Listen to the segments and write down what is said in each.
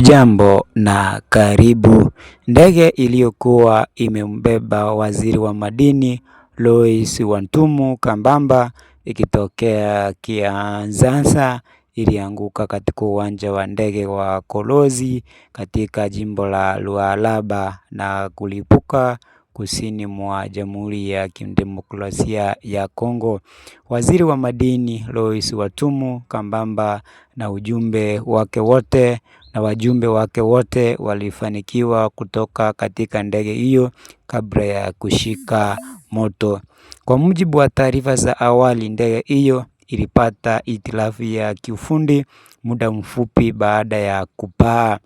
Hujambo na karibu. Ndege iliyokuwa imembeba waziri wa madini Lois Wantumu Kambamba ikitokea Kinshasa ilianguka katika uwanja wa ndege wa Kolozi katika jimbo la Lualaba na kulipuka kusini mwa Jamhuri ya Kidemokrasia ya Kongo. Waziri wa Madini Lois Watumu kambamba na ujumbe wake wote na wajumbe wake wote walifanikiwa kutoka katika ndege hiyo kabla ya kushika moto. Kwa mujibu wa taarifa za awali, ndege hiyo ilipata itilafu ya kiufundi muda mfupi baada ya kupaa.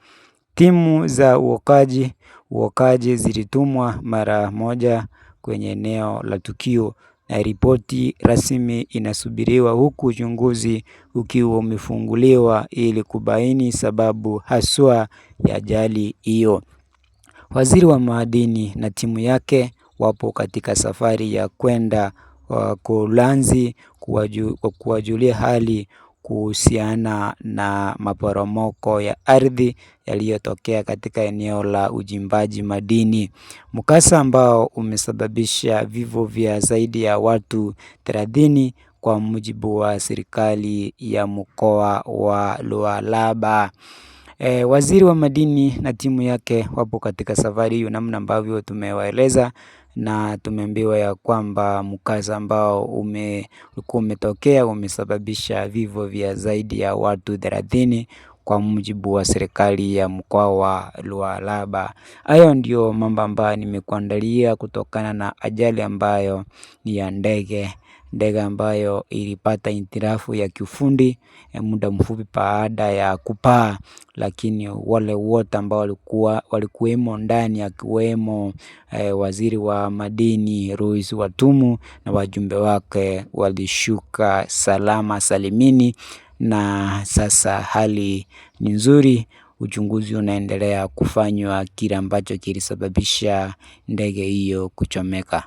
Timu za uokaji wakaji zilitumwa mara moja kwenye eneo la tukio na ripoti rasmi inasubiriwa huku uchunguzi ukiwa umefunguliwa ili kubaini sababu haswa ya ajali hiyo. Waziri wa Madini na timu yake wapo katika safari ya kwenda Uholanzi kuwajulia hali kuhusiana na maporomoko ya ardhi yaliyotokea katika eneo la uchimbaji madini. Mkasa ambao umesababisha vifo vya zaidi ya watu 30 kwa mujibu wa serikali ya mkoa wa Lualaba. E, waziri wa madini na timu yake wapo katika safari hiyo namna ambavyo tumewaeleza na tumeambiwa ya kwamba mkasa ambao ume umetokea umesababisha vifo vya zaidi ya watu thelathini kwa mujibu wa serikali ya mkoa wa Lualaba. Hayo ndio mambo ambayo nimekuandalia kutokana na ajali ambayo ni ya ndege, ndege ambayo ilipata hitilafu ya kiufundi eh, muda mfupi baada ya kupaa, lakini wale wote ambao walikuwa walikuwemo ndani akiwemo eh, waziri wa madini Louis Watumu na wajumbe wake walishuka salama salimini na sasa hali ni nzuri. Uchunguzi unaendelea kufanywa kile ambacho kilisababisha ndege hiyo kuchomeka.